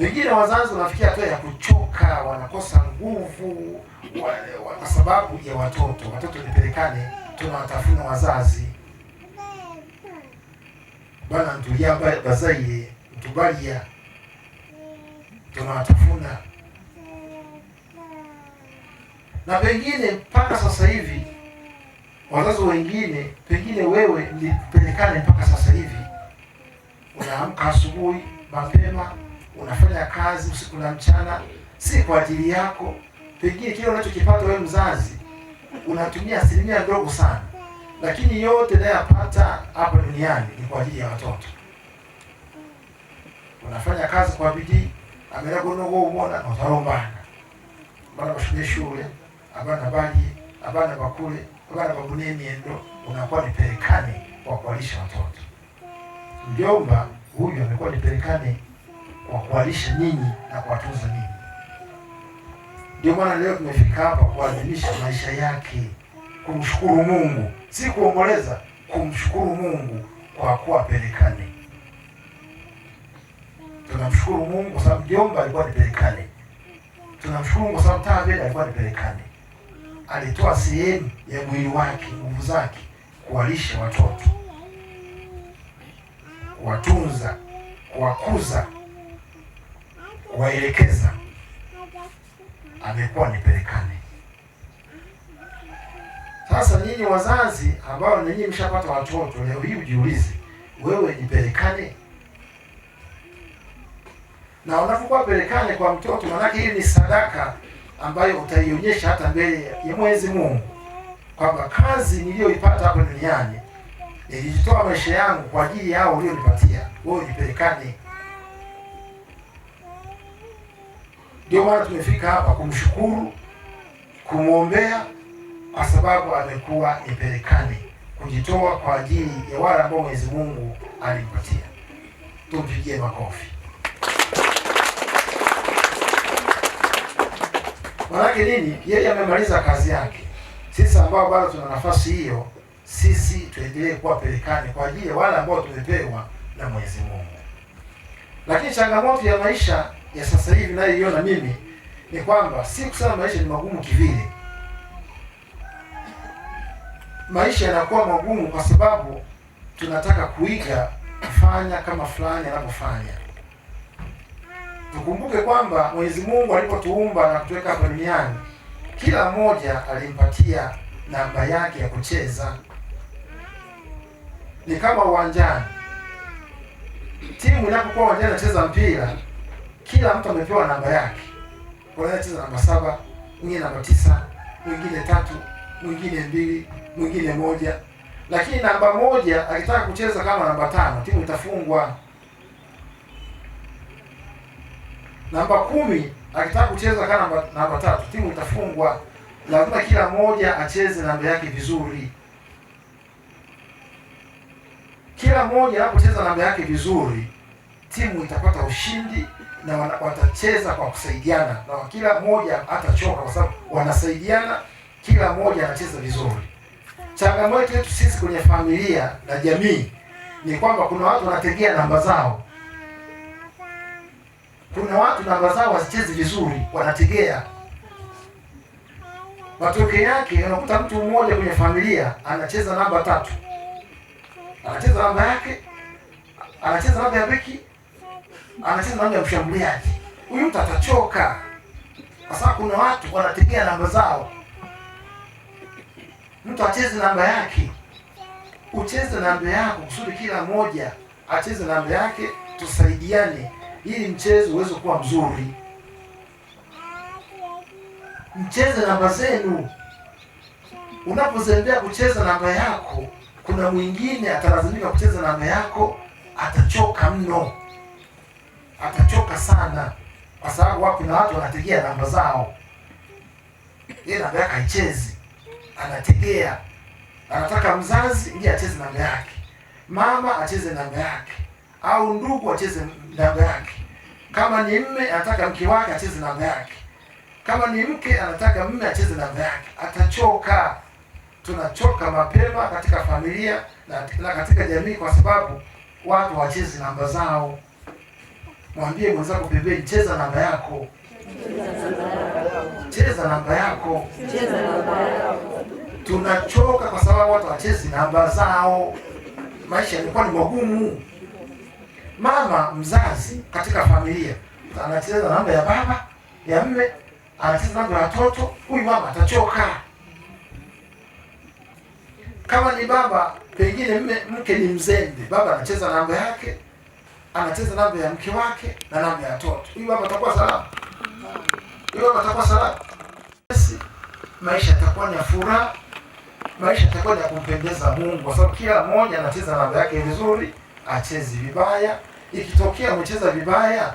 Wengine wazazi wanafikia hatua ya kuchoka, wanakosa nguvu kwa sababu ya watoto. Watoto nipelekane, tunawatafuna wazazi bana ntulia bazaire ntubalia, tunawatafuna na pengine mpaka sasa hivi wazazi wengine, pengine wewe nipelekane mpaka sasa hivi unaamka asubuhi mapema unafanya kazi usiku na mchana, si kwa ajili yako. Pengine kile unachokipata wewe mzazi unatumia asilimia ndogo sana, lakini yote nayapata hapa duniani ni kwa ajili ya watoto. Unafanya kazi kwa bidii, amera umona utarombana, bana bashule shule, abana baji, abana bakule, abana babunie miendo, unakuwa ni perekani wa kuwalisha watoto. Mjomba huyu amekuwa ni perekani kwa kuwalisha nyinyi na kuwatunza nini Ndio maana leo tumefika hapa kuadhimisha maisha yake, kumshukuru Mungu, si kuomboleza, kumshukuru Mungu kwa kuwa Pelekane. Tunamshukuru Mungu kwa sababu jomba alikuwa ni Pelekane. Tunamshukuru Mungu kwa sababu Taveli alikuwa ni Pelekane, alitoa sehemu ya mwili wake, nguvu zake, kuwalisha watoto, kuwatunza, kuwakuza kuwaelekeza, amekuwa nipelekane. Sasa nyinyi wazazi ambao nyinyi mshapata watoto, leo hii ujiulize, wewe nipelekane? Na unapokuwa pelekane kwa mtoto, maanake hii ni sadaka ambayo utaionyesha hata mbele ya Mwenyezi Mungu kwamba kazi niliyoipata hapo duniani nilijitoa maisha yangu kwa ajili yao ulionipatia wewe, nipelekane. Ndio maana tumefika hapa kumshukuru, kumwombea, kwa sababu amekuwa ipelekani kujitoa kwa ajili ya wale ambao Mwenyezi Mungu alimpatia. Tumpigie makofi. Maanake nini? Yeye amemaliza kazi yake. Sisi ambao bado tuna nafasi hiyo, sisi tuendelee kuwa pelekani kwa ajili ya wale ambao tumepewa na Mwenyezi Mungu. Lakini changamoto ya maisha ya sasa hivi nayoiona mimi ni kwamba si kusema maisha ni magumu kivile. Maisha yanakuwa magumu kwa sababu tunataka kuiga kufanya kama fulani anavyofanya. Tukumbuke kwamba Mwenyezi Mungu alipotuumba na kutuweka hapa duniani, kila mmoja alimpatia namba yake ya kucheza. Ni kama uwanjani, timu inapokuwa uwanjani inacheza mpira kila mtu amepewa namba yake. Anayecheza namba saba, mwingine namba tisa, mwingine tatu, mwingine mbili, mwingine moja. Lakini namba moja akitaka kucheza kama namba tano, timu itafungwa. Namba kumi akitaka kucheza kama namba, namba tatu, timu itafungwa. Lazima kila mmoja acheze namba yake vizuri. Kila mmoja anapocheza namba yake vizuri, timu itapata ushindi na watacheza kwa kusaidiana, na kila mmoja hatachoka kwa sababu wanasaidiana, kila mmoja anacheza vizuri. Changamoto yetu sisi kwenye familia na jamii ni kwamba kuna watu wanategea namba zao, kuna watu namba zao wasichezi vizuri, wanategea. Matokeo yake unakuta mtu mmoja kwenye familia anacheza namba tatu, anacheza namba yake, anacheza namba ya beki anasema namba ya mshambuliaji, huyu mtu atachoka, kwa sababu kuna watu wanategea namba zao. Mtu acheze namba yake, ucheze namba yako kusudi kila mmoja acheze namba yake, tusaidiane ili mchezo uweze kuwa mzuri. Mcheze namba zenu. Unapozembea kucheza namba yako, kuna mwingine atalazimika kucheza namba yako, atachoka mno atachoka sana, kwa sababu wapo na watu wanategea namba zao. Yeye namba yake haichezi, anategea, anataka mzazi ndiye acheze namba yake, mama acheze namba yake, au ndugu acheze namba yake. Kama ni mme anataka mke wake acheze namba yake, kama ni mke anataka mme acheze namba yake, atachoka. Tunachoka mapema katika familia na, na katika jamii, kwa sababu watu wacheze namba zao mwambie mwenzako pembeni, cheza namba yako, cheza namba yako, cheza namba yako. Tunachoka kwa sababu watu wachezi namba zao, maisha yalikuwa ni magumu. Mama mzazi katika familia anacheza namba ya baba ya mme, anacheza namba ya watoto, huyu mama atachoka. Kama ni baba, pengine mme mke ni mzembe, baba anacheza namba yake anacheza namba ya mke wake na namba ya mtoto. Huyu baba atakuwa salama? Huyu baba atakuwa salama? Basi maisha yatakuwa ni ya furaha, maisha yatakuwa ni ya kumpendeza Mungu, kwa sababu kila mmoja anacheza namba yake vizuri, achezi vibaya. Ikitokea umecheza vibaya,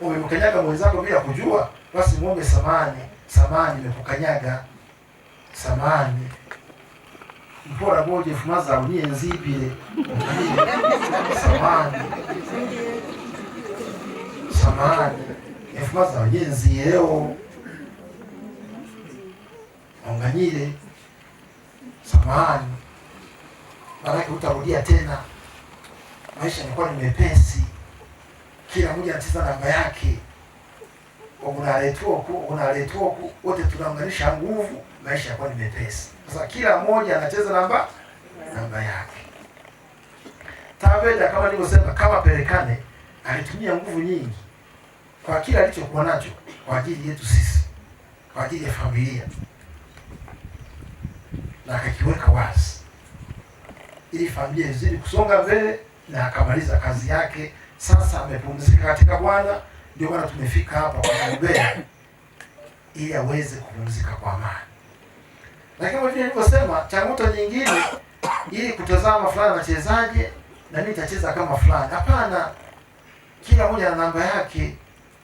umemkanyaga mwenzako bila kujua, basi muombe samani, samani, nimekukanyaga, samani mpora boje fumaza uniye nzibire samani samani efumaza uniye nzireo onganyile samani maanake utarudia tena maisha yanakuwa ni mepesi kila mmoja anacheza namba yake unaletwa huku, unaletwa huku, wote tunaunganisha nguvu, maisha yanakuwa ni mepesi. Sasa kila mmoja anacheza namba namba yake. Taveta kama nilivyosema, kama Pelekane alitumia nguvu nyingi kwa kila alichokuwa nacho kwa ajili yetu sisi, kwa ajili ya familia, na akakiweka wazi ili familia izidi kusonga mbele, na akamaliza kazi yake. Sasa amepumzika katika Bwana. Ndio maana tumefika hapa kuombea ili aweze kupumzika kwa amani. Lakini vile nilivyosema, changamoto nyingine ili kutazama fulani anachezaje na mimi nitacheza kama fulani. Hapana, kila mmoja na namba yake.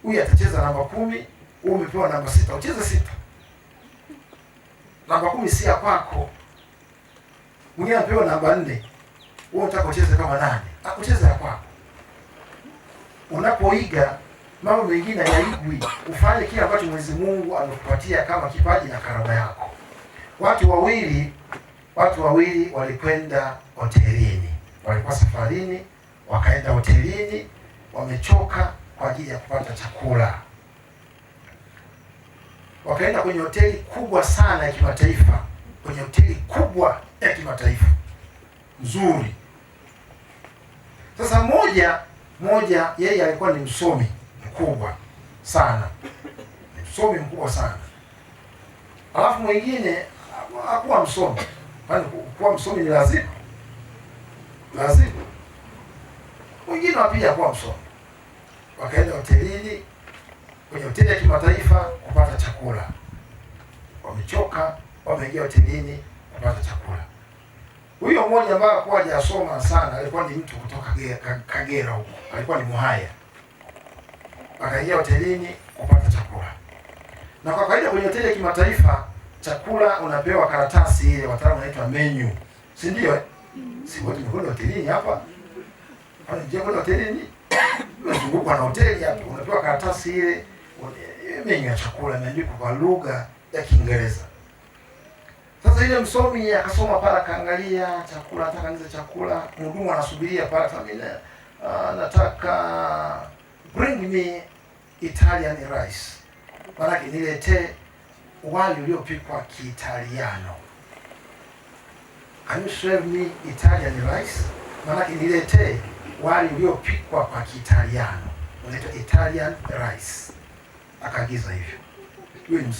Huyu atacheza namba kumi, huyu umepewa namba sita, ucheze sita. Namba kumi si ya kwako. Mwingine anapewa namba nne, wewe unataka ucheze kama nane akucheza ya kwako. Unapoiga mambo mengine hayaigwi. Ufanye kile ambacho Mwenyezi Mungu amekupatia kama kipaji na karama yako. Watu wawili watu wawili walikwenda hotelini, walikuwa safarini, wakaenda hotelini, wamechoka kwa ajili ya kupata chakula. Wakaenda kwenye hoteli kubwa sana ya kimataifa, kwenye hoteli kubwa ya kimataifa nzuri. Sasa moja moja, yeye alikuwa ni msomi mkubwa sana, ni msomi mkubwa sana. Alafu mwingine hakuwa msomi, kwani kuwa msomi ni lazima lazima. Mwingine wa hakuwa msomi, wakaenda hotelini, kwenye hoteli ya kimataifa kupata chakula, wamechoka, wameingia hotelini kupata chakula. Huyo mmoja ambaye hakuwa hajasoma sana alikuwa ni mtu kutoka Kagera huko, alikuwa ni Muhaya wakaingia hotelini kupata chakula. Na kwa kawaida kwenye hoteli ya kimataifa chakula unapewa karatasi ile wataalamu wanaitwa menu, si ndio? Eh, si wote tunakwenda hotelini hapa, kwa nje kwenda hotelini unazungukwa na hoteli hapa, unapewa karatasi ile eh, menu ya chakula imeandikwa kwa lugha ya Kiingereza. Sasa ile msomi akasoma pale, akaangalia chakula, atakaanza chakula, mhudumu anasubiria pale, ah, nataka bring me Italian rice, manake niletee wali uliopikwa Kiitaliano. Can you serve me Italian rice? Manake niletee wali uliopikwa kwa Kiitaliano, unaitwa Italian rice. Akaagiza hivyo huyu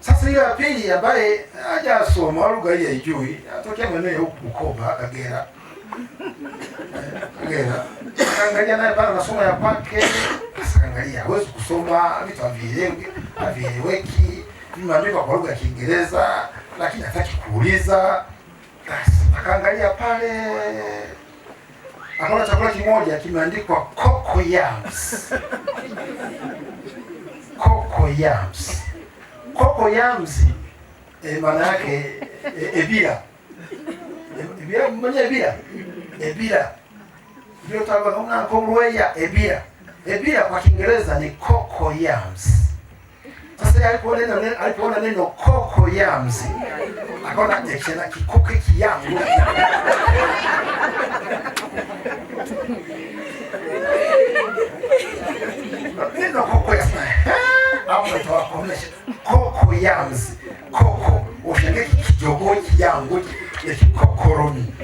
Sasa hiyo ya pili ambaye hajasoma lugha hii haijui, atokea maeneo ya huku Bukoba, Kagera Akaangalia naye bado anasoma ya kwake, akaangalia hawezi kusoma, vitu havieleweki, vimeandikwa kwa lugha ya Kiingereza lakini hataki kuuliza. Basi akaangalia pale, akaona chakula kimoja kimeandikwa Coco Yams. Coco Yams. Coco Yams, eh, maana yake eh, eh, bia manye ebira ebira lyotabaga omwanka omulweya ebira kwa kiingereza ni coco yams sasa alipoona neno coco yams akaona ekena kikuku ekiyangu neno coco yams amatowakomesha yams coco ushenge kijogo kiyangu ekikokoromi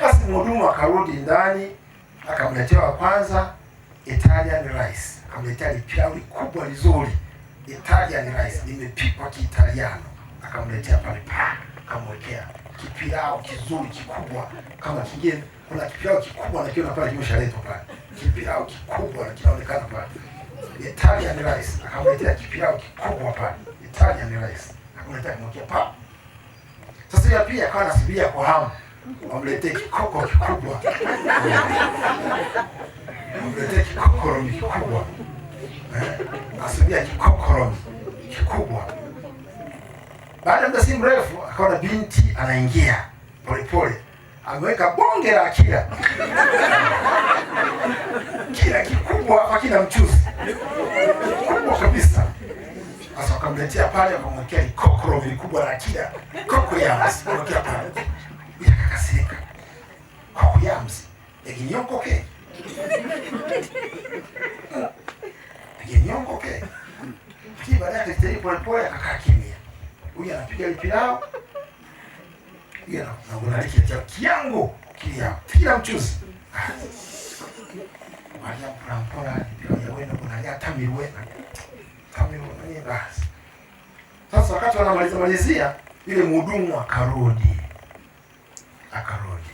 basi. Mhudumu akarudi ndani akamletea wa kwanza Italian rice, akamletea lipiauli kubwa lizuri Italian rice limepikwa Kiitaliano, akamletea pale pa akamwekea kipilao kizuri kikubwa kama kingine. Kuna kipilao kikubwa na pale kimeshaletwa pale, kipilao kikubwa na pale Italia rice, akamletea kipirao kikubwa pale. Italia rice, akamletea kimoja pa. Sasa yeye pia akawa anasubiria kwa hamu, wamletee kikoko kikubwa, wamletee kikokoro kikubwa, eh, akasubiria kikokoro kikubwa. Baada ya muda si mrefu, akaona binti anaingia polepole, ameweka bonge la kila kila kikubwa, akina mchuzi kabisa. Sasa wakamletea pale, wakamwekea ikokoro vikubwa la kila koko yams, wakamwekea pale, yakakasirika koko yams eginyokoke eginyokoke lakini baadaye akastahili polepole, akakaa kimya. Huyu anapiga lipilao kiango kila mchuzi, ah. Mariamu polepole ya tamirwe tamirwe basi. Sasa wakati wanamaliza malizia, mhudumu akarudi, akarudi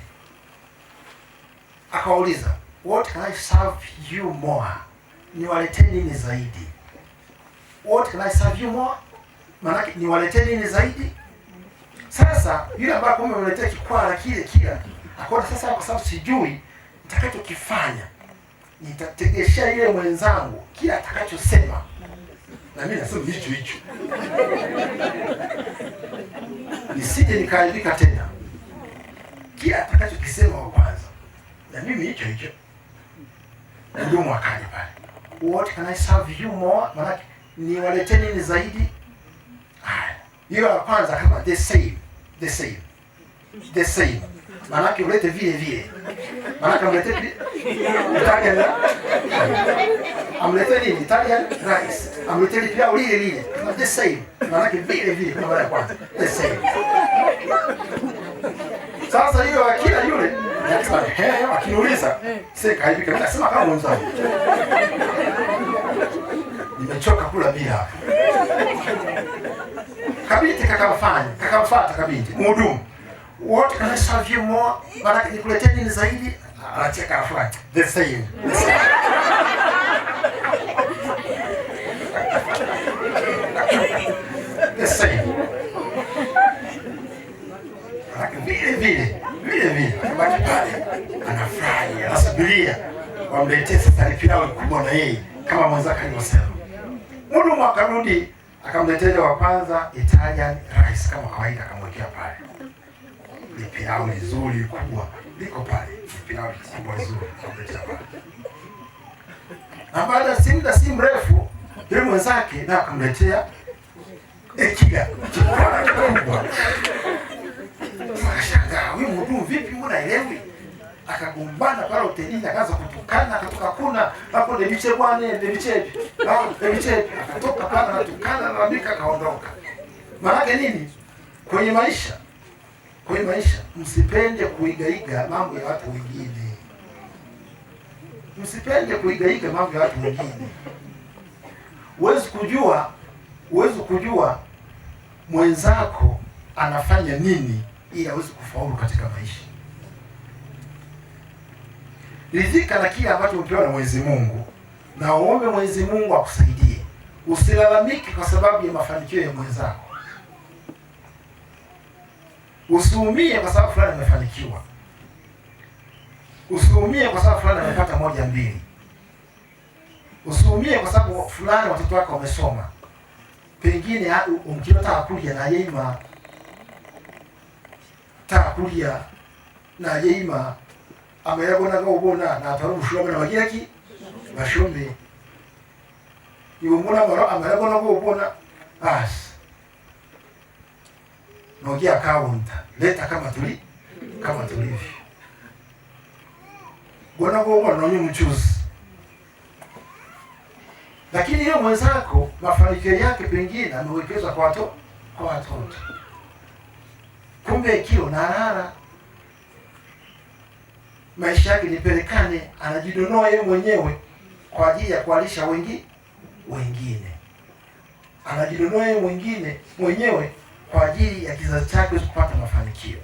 akawauliza, what can I serve you more, niwaletee nini zaidi? What can I serve you more, niwaletee nini zaidi? Sasa yule ambaye kumbe mletea kikwala kile kile akaona, sasa kwa sababu sijui nitakachokifanya nitategeshea yule mwenzangu kile atakachosema, na mimi nasema hicho hicho nisije nikaharibika tena. Kile atakachokisema wa kwanza, na mimi hicho hicho, na ndio mwakaje pale, what can I serve you more, maanake niwaletee nini zaidi. Haya, hiyo ya kwanza, kama the same the same the same Manake ulete vile vile, manake amlete Italian eh? amlete nini? Italian rice amlete ni pia ulile lile, the same, manake vile vile kama ya kwanza, the same. Sasa hiyo akila yule akisema akiniuliza seka hivi kama nasema kama mwanzo nimechoka kula bila kabiti kakamfanya kakamfuata kabiti mhudumu What can I serve you more? Baraka nikuletee nini zaidi? Anacheka afla. The same. The same. The same. vile vile. Vile vile. Anabaki pale. Anafurahi. Anasubiria. Wamletee sasa pilau kubwa na yeye kama mwenzake alivyosema. Mudu mwakarudi akamletea wa kwanza Italian rice kama kawaida akamwekea pale lipi lao zuri kubwa liko pale, lipi lao ni kubwa zuri. Na baada ya muda si mrefu, yule mwenzake na akamletea ekiga kubwa. Akashangaa, huyu mhudumu vipi, mbona elewi? Akagombana pale hotelini, akaanza kutukana, akatoka kuna hapo debiche bwana, debiche hapo debiche, akatoka pale anatukana, analalamika, akaondoka. Maana nini kwenye maisha kwa hiyo maisha, msipende kuigaiga mambo ya watu wengine, msipende kuigaiga mambo ya watu wengine. Huwezi kujua, huwezi kujua mwenzako anafanya nini ili aweze kufaulu katika maisha. Ridhika na kile ambacho umepewa na Mwenyezi Mungu na uombe Mwenyezi Mungu akusaidie. Usilalamiki kwa sababu ya mafanikio ya mwenzako. Usiumie kwa sababu fulani amefanikiwa, usiumie kwa sababu fulani amepata moja mbili, usiumie kwa sababu fulani watoto wako wamesoma, pengine umkilotaka na yeima taka kulya nayeima amayabona gobona natwara obushuma na bagira ki bashombe mara murabaro amayabona ubona asi Naongea kaunta leta kama tuli kama tulivyo gona gogo anonye mchuzi, lakini yeye mwenzako mafanikio yake pengine amewekezwa kwa watoto kwa watoto, kumbe kio na maisha yake nipelekane, anajidonoa yeye mwenyewe kwa ajili ya kualisha wengi wengine, anajidonoa yeye mwingine mwenyewe kwa ajili ya kizazi chako kupata mafanikio.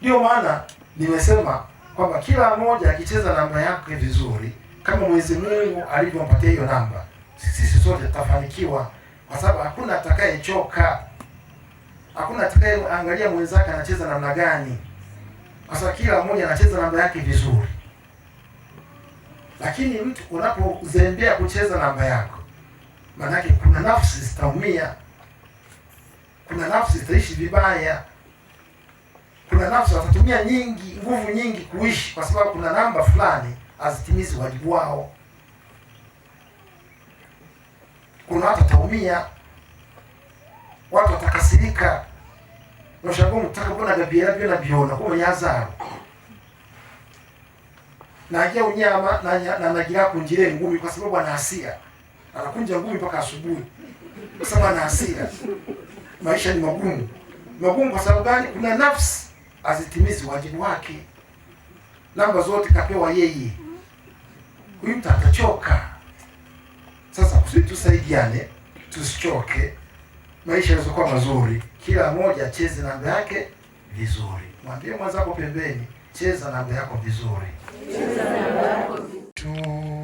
Ndio maana nimesema kwamba kila mmoja akicheza namba yake vizuri, kama Mwenyezi Mungu alivyompatia hiyo namba, sisi sote tutafanikiwa, kwa sababu hakuna atakayechoka, hakuna atakayeangalia mwenzake anacheza namna gani, kwa sababu kila mmoja anacheza namba yake vizuri. Lakini mtu unapozembea kucheza namba yako, maanake kuna nafsi zitaumia. Kuna nafsi zitaishi vibaya, kuna nafsi watatumia nyingi nguvu nyingi kuishi, kwa sababu kuna namba fulani hazitimizi wajibu wao. Kuna watu wataumia, watu watakasirika noshakomutaka bona gabyera byona byona kumenya na najya unyama na nagira kunjire ngumi kwa sababu ana hasira anakunja ngumi mpaka asubuhi kwa sababu ana hasira maisha ni magumu. Magumu kwa sababu gani? Kuna nafsi azitimizi wajibu wake, namba zote kapewa yeye, huyu mtu atachoka. Sasa kusudi tusaidiane, tusichoke, maisha yanaweza kuwa mazuri. Kila mmoja acheze namba yake vizuri, mwambie mwenzako pembeni, cheza namba yako vizuri, cheza namba yako vizuri